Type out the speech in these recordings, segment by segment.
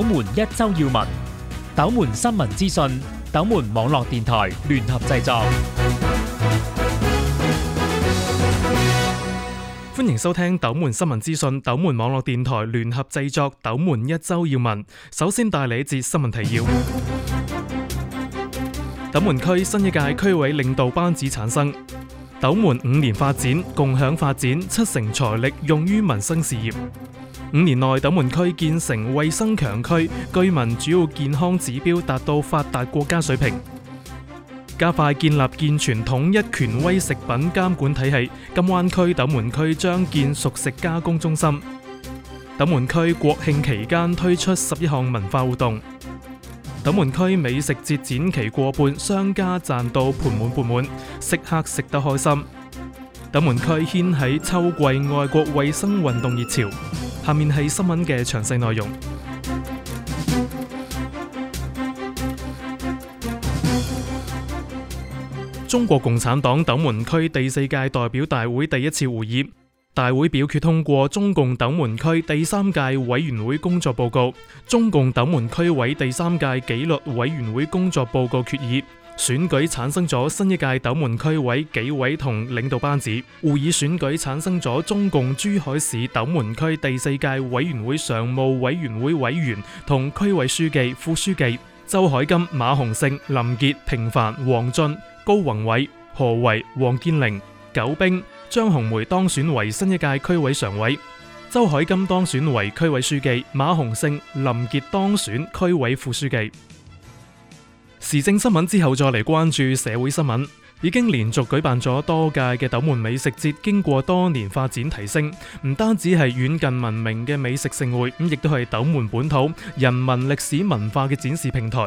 斗門一周要聞，斗門新聞資訊，斗門網絡電台聯合製作。歡迎收聽斗門新聞資訊，斗門網絡電台聯合製作。斗門一周要聞，首先帶你節新聞提要。斗門區新一屆區委領導班子產生。斗門五年發展，共享發展，七成財力用於民生事業。五年內，斗門區建成衛生強區，居民主要健康指標達到發達國家水平。加快建立健全統一權威食品監管體系。金灣區、斗門區將建熟食加工中心。斗門區國慶期間推出十一項文化活動。斗門區美食節展期過半，商家賺到盆滿缽滿，食客食得開心。斗門區掀起秋季愛國衛生運動熱潮。下面係新聞嘅詳細內容。中國共產黨斗門區第四屆代表大會第一次會議，大會表決通過中共斗門區第三屆委員會工作報告、中共斗門區委第三屆紀律委員會工作報告決議。選舉產生咗新一屆斗門區委、紀委同領導班子。會議選舉產生咗中共珠海市斗門區第四屆委員會常務委員會委員同區委書記、副書記。周海金、馬洪勝、林杰、平凡、王俊、高宏偉、何維、王建玲、九兵、張紅梅當選為新一屆區委常委。周海金當選為區委書記，馬洪勝、林杰當選區委副書記。時政新聞之後，再嚟關注社會新聞。已經連續舉辦咗多屆嘅斗門美食節，經過多年發展提升，唔單止係遠近聞名嘅美食盛會，咁亦都係斗門本土人民歷史文化嘅展示平台。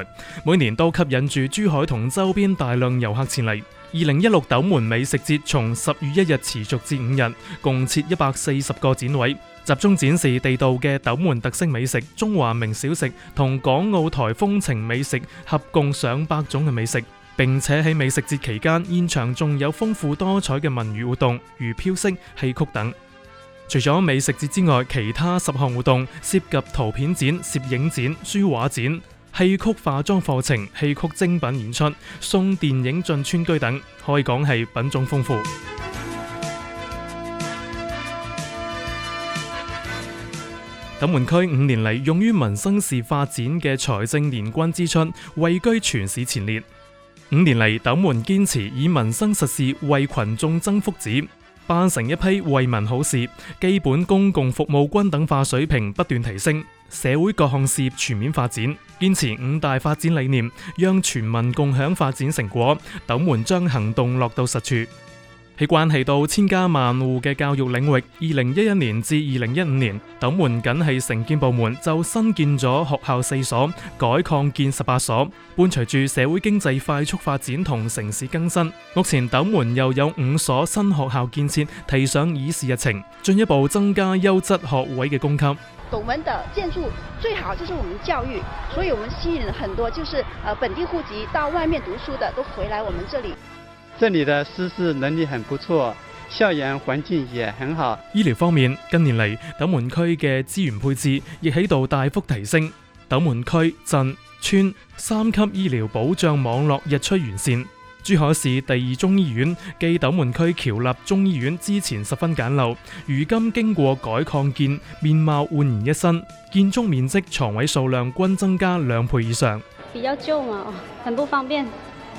每年都吸引住珠海同周邊大量遊客前嚟。二零一六斗門美食節從十月一日持續至五日，共設一百四十個展位，集中展示地道嘅斗門特色美食、中華名小食同港澳台風情美食，合共上百種嘅美食，並且喺美食節期間，現場仲有豐富多彩嘅文娛活動，如飄色、戲曲等。除咗美食節之外，其他十項活動涉及圖片展、攝影展、書畫展。戲曲化妝課程、戲曲精品演出、送電影進村居等，可以講係品種豐富。斗 門區五年嚟，用於民生事發展嘅財政年均支出位居全市前列。五年嚟，斗門堅持以民生實事為群眾增福祉，辦成一批為民好事，基本公共服務均等化水平不斷提升。社會各項事業全面發展，堅持五大發展理念，讓全民共享發展成果。斗門將行動落到實處。喺關係到千家萬戶嘅教育領域，二零一一年至二零一五年，斗門僅係城建部門就新建咗學校四所，改擴建十八所。伴隨住社會經濟快速發展同城市更新，目前斗門又有五所新學校建設提上議事日程，進一步增加優質學位嘅供給。斗門的建築最好就是我們教育，所以我們吸引很多就是本地戶籍到外面讀書的都回來我們這裡。這裡的師資能力很不錯，校園環境也很好。醫療方面，近年嚟斗門區嘅資源配置亦喺度大幅提升。斗門區鎮村三級醫療保障網絡日趨完善。珠海市第二中醫院繼斗門區僑立中醫院之前十分簡陋，如今經過改擴建，面貌煥然一新，建築面積、床位數量均增加兩倍以上。比較舊嘛、啊，很不方便。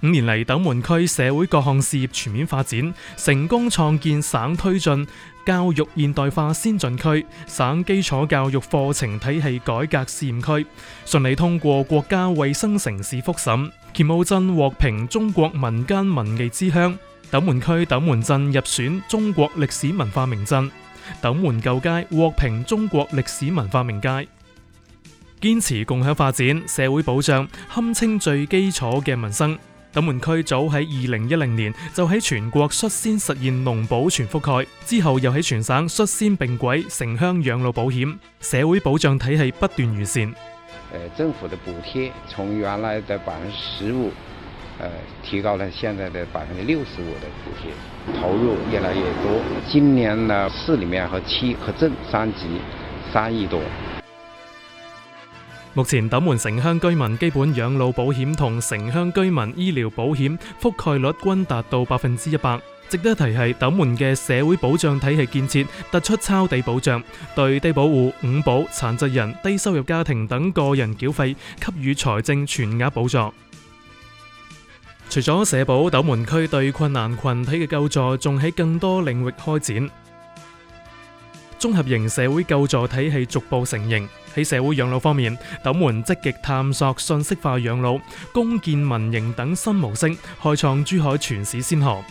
五年嚟，斗門區社會各項事業全面發展，成功創建省推進教育現代化先進區、省基礎教育課程體系改革試驗區，順利通過國家衛生城市復審。乾務鎮獲評中國民間文藝之鄉，斗門區斗門鎮入選中國歷史文化名鎮，斗門舊街獲評中國歷史文化名街。堅持共享發展，社會保障堪稱最基礎嘅民生。斗門區早喺二零一零年就喺全國率先實現農保全覆蓋，之後又喺全省率先併軌城鄉養老保險，社會保障體系不斷完善。政府的補貼從原來的百分之十五，提高到現在的百分之六十五的補貼，投入越來越多。今年呢，市裏面和區和鎮三級三億多。目前斗門城鄉居民基本養老保險同城鄉居民醫療保險覆蓋率均達到百分之一百。值得一提係，斗門嘅社會保障體系建設突出兜底保障，對低保戶、五保、殘疾人、低收入家庭等個人繳費給予財政全額補助。除咗社保，斗門區對困難群體嘅救助仲喺更多領域開展，綜合型社會救助體系逐步成形。喺社會養老方面，斗門積極探索信息化養老、公建民營等新模式，開創珠海全市先河。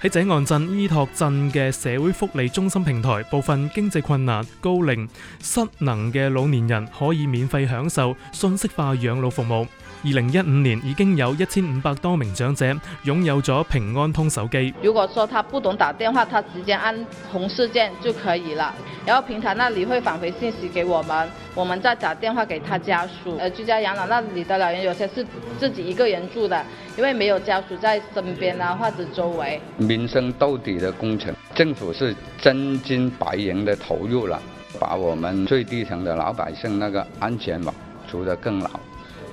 喺井岸鎮依託鎮嘅社會福利中心平台，部分經濟困難、高齡、失能嘅老年人可以免費享受信息化養老服務。二零一五年已經有一千五百多名長者擁有咗平安通手機。如果說他不懂打電話，他直接按紅色鍵就可以了。然後平台那裡會返回信息給我們，我們再打電話給他家屬。呃，居家養老那裡的老人有些是自己一個人住的，因為沒有家屬在身邊啊或者周圍。民生兜底的工程，政府是真金白銀的投入了，把我們最低層的老百姓那個安全網築得更牢。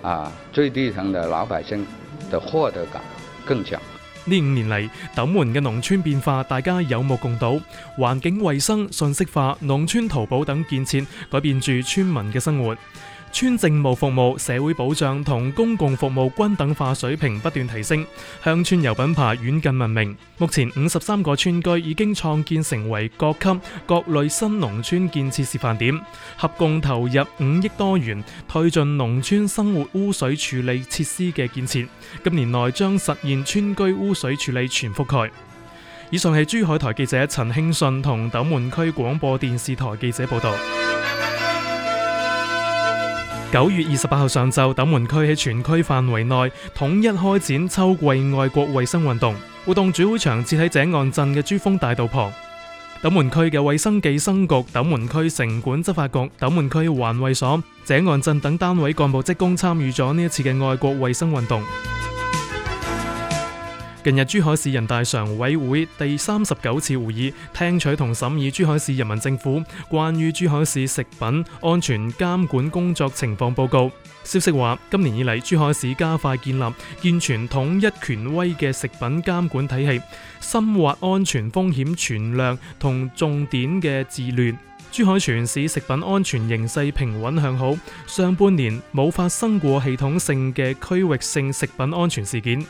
啊，最低層的老百姓的獲得感更強。呢五年嚟，斗門嘅農村變化，大家有目共睹。環境衛生、信息化、農村淘寶等建設，改變住村民嘅生活。村政務服務、社會保障同公共服務均等化水平不斷提升，鄉村遊品牌遠近聞名。目前五十三個村居已經創建成為各級各類新農村建設示範點，合共投入五億多元推進農村生活污水處理設施嘅建設，今年內將實現村居污水處理全覆蓋。以上係珠海台記者陳慶信同斗門區廣播電視台記者報道。九月二十八號上晝，斗門區喺全區範圍內統一開展秋季愛國衛生運動，活動主會場設喺井岸鎮嘅珠峰大道旁。斗門區嘅衛生計生局、斗門區城管執法局、斗門區環衛所、井岸鎮等單位幹部職工參與咗呢一次嘅愛國衛生運動。近日，珠海市人大常委會第三十九次會議聽取同審議珠海市人民政府關於珠海市食品安全監管工作情況報告。消息話，今年以嚟，珠海市加快建立健全統一權威嘅食品監管體系，深挖安全風險存量同重點嘅治亂。珠海全市食品安全形勢平穩向好，上半年冇發生過系統性嘅區域性食品安全事件。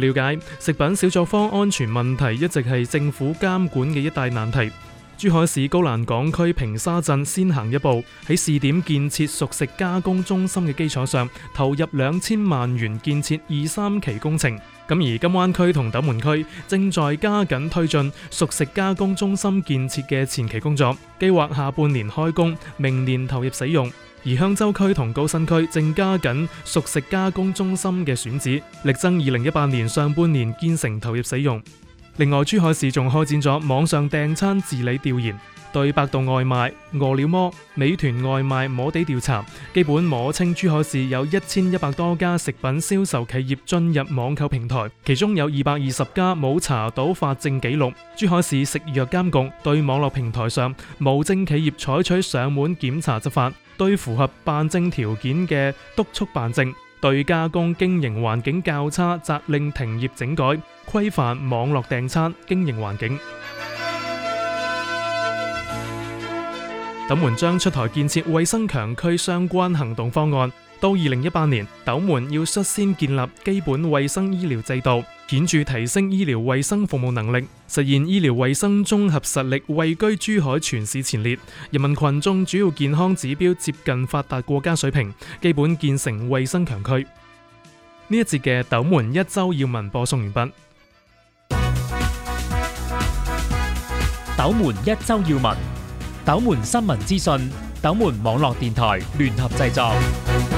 據了解，食品小作坊安全問題一直係政府監管嘅一大難題。珠海市高欄港區平沙鎮先行一步，喺試點建設熟食加工中心嘅基礎上，投入兩千萬元建設二三期工程。咁而金灣區同斗門區正在加緊推進熟食加工中心建設嘅前期工作，計劃下半年開工，明年投入使用。而香洲區同高新區正加緊熟食加工中心嘅選址，力爭二零一八年上半年建成投入使用。另外，珠海市仲開展咗網上訂餐治理調研。對百度外賣、餓了麼、美團外賣摸底調查，基本摸清珠海市有一千一百多家食品銷售企業進入網購平台，其中有二百二十家冇查到發證記錄。珠海市食藥監局對網絡平台上無證企業採取上門檢查執法，對符合辦證條件嘅督促辦證，對加工經營環境較差責令停業整改，規範網絡訂餐經營環境。斗門將出台建設衛生強區相關行動方案，到二零一八年，斗門要率先建立基本衛生醫療制度，顯著提升醫療衛生服務能力，實現醫療衛生綜合實力位居珠海全市前列，人民群眾主要健康指標接近發達國家水平，基本建成衛生強區。呢一節嘅斗門一周要聞播送完畢。斗門一周要聞。斗門新聞資訊，斗門網絡電台聯合製作。